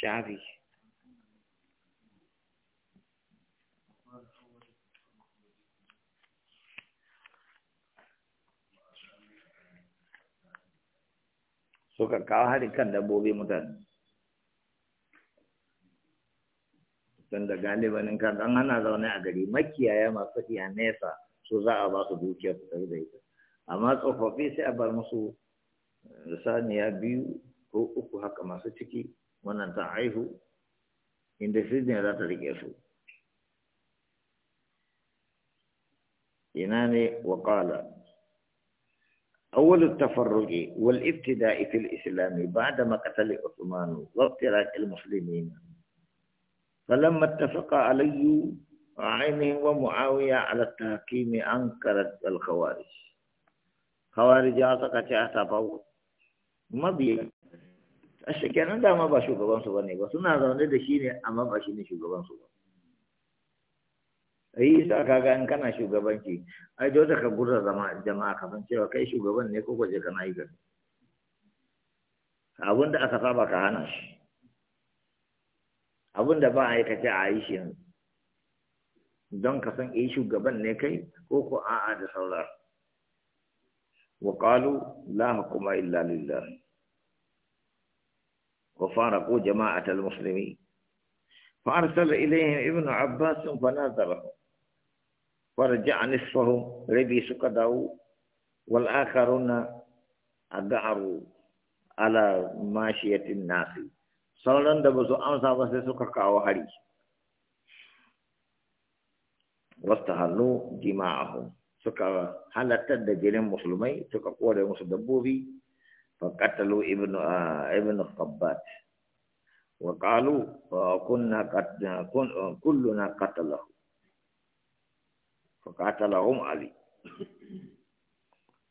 shafi suka kawo hari kan dabbobi mutane don da galibanin kan hana zaune a gari makiyaya masu iya nesa su za a ba su dukiya su tafi da ita amma tsofaffi sai a bar musu saniya biyu ko uku haka masu ciki wannan ta haihu industries ne za ta rike su ina ne أول التفرج والابتداء في الإسلام بعدما قتل عثمان واقتراك المسلمين فلما اتفق علي وعينه ومعاوية على التحكيم أنكرت الخوارج خوارج عطقة ما مضي a da dama ba shugabansu ba ne ba suna zaune da shi ne amma ba shi ne shugabansu ba ai sa kaga in kana shugabanci ai dole ka gurra zama jama'a ka san cewa kai shugaban ne ko kwaje kana yi gari abin da aka saba ka hana shi abin da ba a yi ka ce a yi shi don ka san eh shugaban ne kai ko ko a'a da sauran wa qalu la hukuma illa lillah وفارقوا جماعة المسلمين فأرسل إليهم ابن عباس فناظرهم ورجع نصفهم ربي سكدوا والآخرون أدعروا على ماشية الناس sauran da ba su amsa ba sai suka kawo hari wasta hannu jima'ahu suka halattar da jirin musulmai suka kore musu dabbobi فقتلوا ابن آه، ابن القبات وقالوا آه، كنا آه، كلنا قتله فقاتلهم علي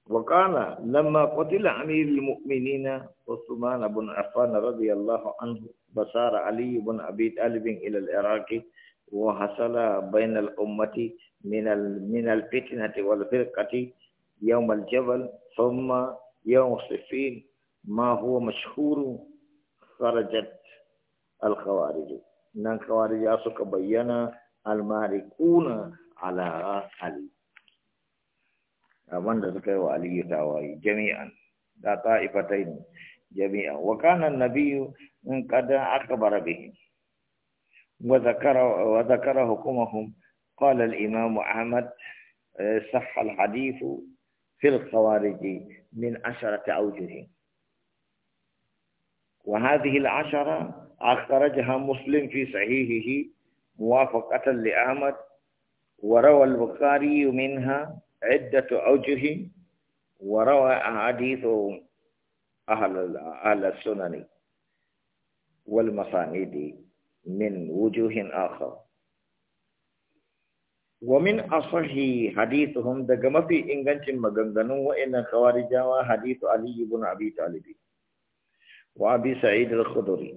وقال لما قتل أمير المؤمنين عثمان بن عفان رضي الله عنه بصار علي بن أبي طالب إلى العراق وحصل بين الأمة من من الفتنة والفرقة يوم الجبل ثم يوم الصفين ما هو مشهور خرجت الخوارج ان الخوارج أسوك بينا المالكون علي أبن ذكر وعلي تاوي جميعا لا طائفتين جميعا وكان النبي قد اكبر بهم وذكر وذكر حكمهم قال الإمام أحمد إيه، صح الحديث في الخوارج من عشرة أوجه وهذه العشرة أخرجها مسلم في صحيحه موافقة لأحمد وروى البخاري منها عدة أوجه وروى أحاديث أهل أهل السنن والمصانيد من وجوه آخر ومن أصح حديثهم دعما في إنغانش مغنغن وإن جوا حديث علي بن أبي طالب وأبي سعيد الخدري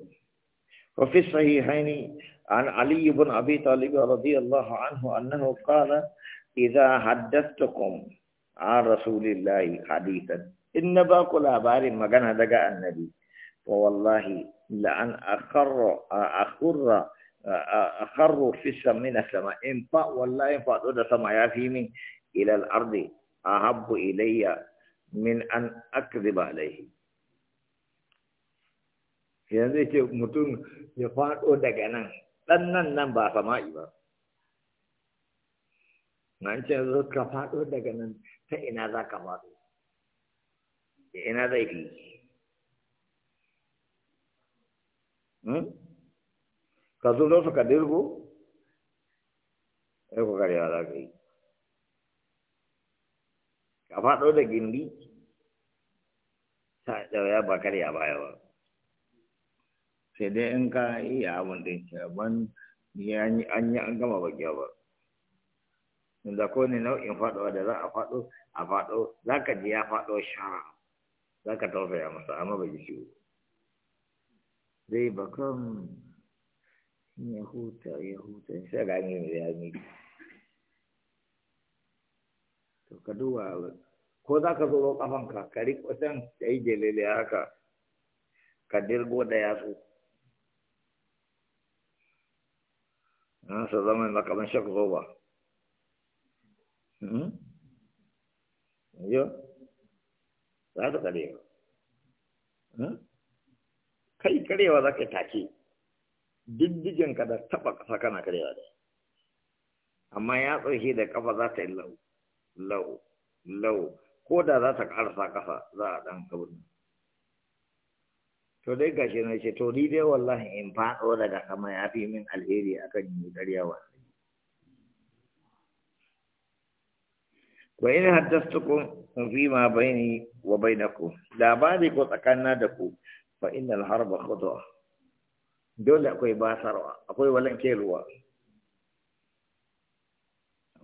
وفي الصحيحين عن علي بن أبي طالب رضي الله عنه أنه قال إذا حدثتكم عن رسول الله حديثا إن لا لاباري مغنى هذا النبي فوالله لأن أخر أخر أخر فسا من السماء إن فا والله إن فا سما يا في من إلى الأرض أحب إلي من أن أكذب عليه yanzu ce mutum ya faɗo daga nan ɗan nan nan ba sama'i ba nan ce zo ka faɗo daga nan ta ina za ka faɗo ina zai fi ka zo su ka dirgo sai ku karya za ka yi ka faɗo da gindi ta ɗaya ba karya baya ba sai dai in ka yi iya abin da ke ban an yi an gama bakiya ba inda ko ne nau'in faɗuwa da za a faɗo a faɗo za ka ji ya faɗo shara za ka tausaya masa amma ba ji ciwo zai bakan ya huta ya huta sai ga ne ya mi to ka duba ko za ka zo kafanka ka jeli lihat. ya yi jelele haka ka dirgo da yatsu an sa zama na kamar shak zoba Kali hmm? za ta karewa hmm? kai karewa za diddigen ka da taba kasa kana karewa da amma ya tsohi da kafa za ta yi lau lau lau ko da za ta karasa kasa za a dan sauri. to dai gashi na ce to ni dai wallahi in faɗo daga kama ya fi min alheri akan yi ƙarya wallahi wa in haddastukum fi ma baini wa bainakum labari ko tsakanina da ku fa innal harba khutwa dole akwai basarwa akwai walankeruwa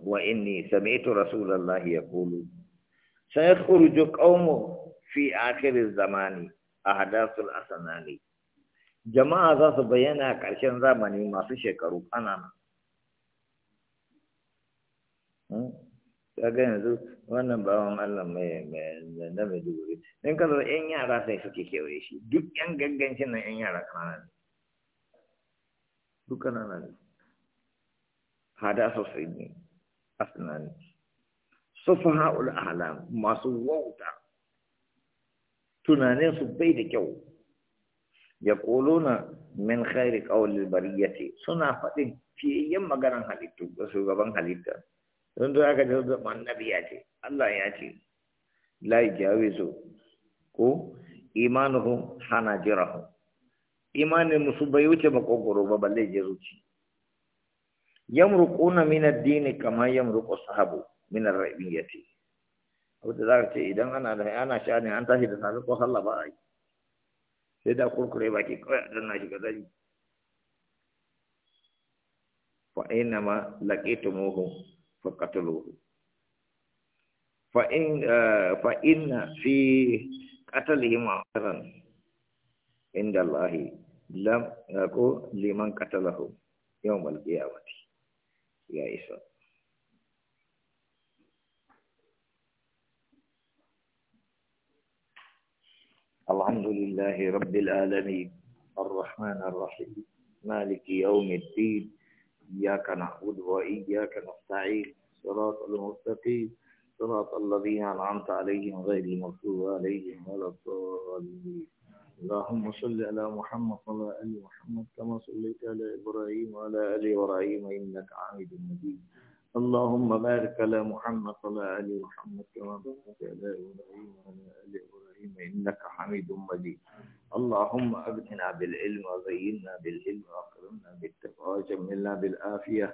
wa inni sami'tu rasulallahi yaqulu sayakhruju qaumu fi akhiriz zamani ahdathul asnani jama'a za su bayyana karshen zamani masu shekaru ƙanana hmm? kaga yanzu wannan bawan Allah mai na Maiduguri in ka yan yara sai suke kewaye shi duk yan gangancin nan yan yara kanana Duka ƙanana hada sosai ne asnani sufaha'ul ahlam masu wauta tunanin su bai da kyau ya yaquluna min khairi ya ce suna faɗin fiyayyen maganan halittu shugaban halitta don da aka jawo da annabi ya ce Allah ya ce la yajawizu ko Imanuhu hana hanajirahum imanin musu bai wuce makogoro ba balle je zuci yamruquna min ad-din kama yamruqu sahabu min ar-ra'iyyati wanda zaka ce idan ana da ana shani an tashi da safi ko sallah ba ai sai da kurkure baki kawai dan na shiga dani fa inma laqitumuhu faqatuluhu fa in fa inna fi qatlihim amran inda Allahi لم ko لمن قتله يوم القيامة يا ya الحمد لله رب العالمين الرحمن الرحيم مالك يوم الدين إياك نعبد وإياك نستعين صراط المستقيم صراط الذين أنعمت عليهم غير المغضوب عليهم ولا الضالين اللهم صل على محمد وعلى آل محمد كما صليت على إبراهيم وعلى آل إبراهيم إنك حميد مجيد اللهم بارك على محمد وعلى آل محمد كما باركت على إبراهيم وعلى آل إبراهيم إنك حميد مجيد اللهم أبننا بالعلم وزينا بالعلم وأكرمنا بالتقوى وجملنا بالعافية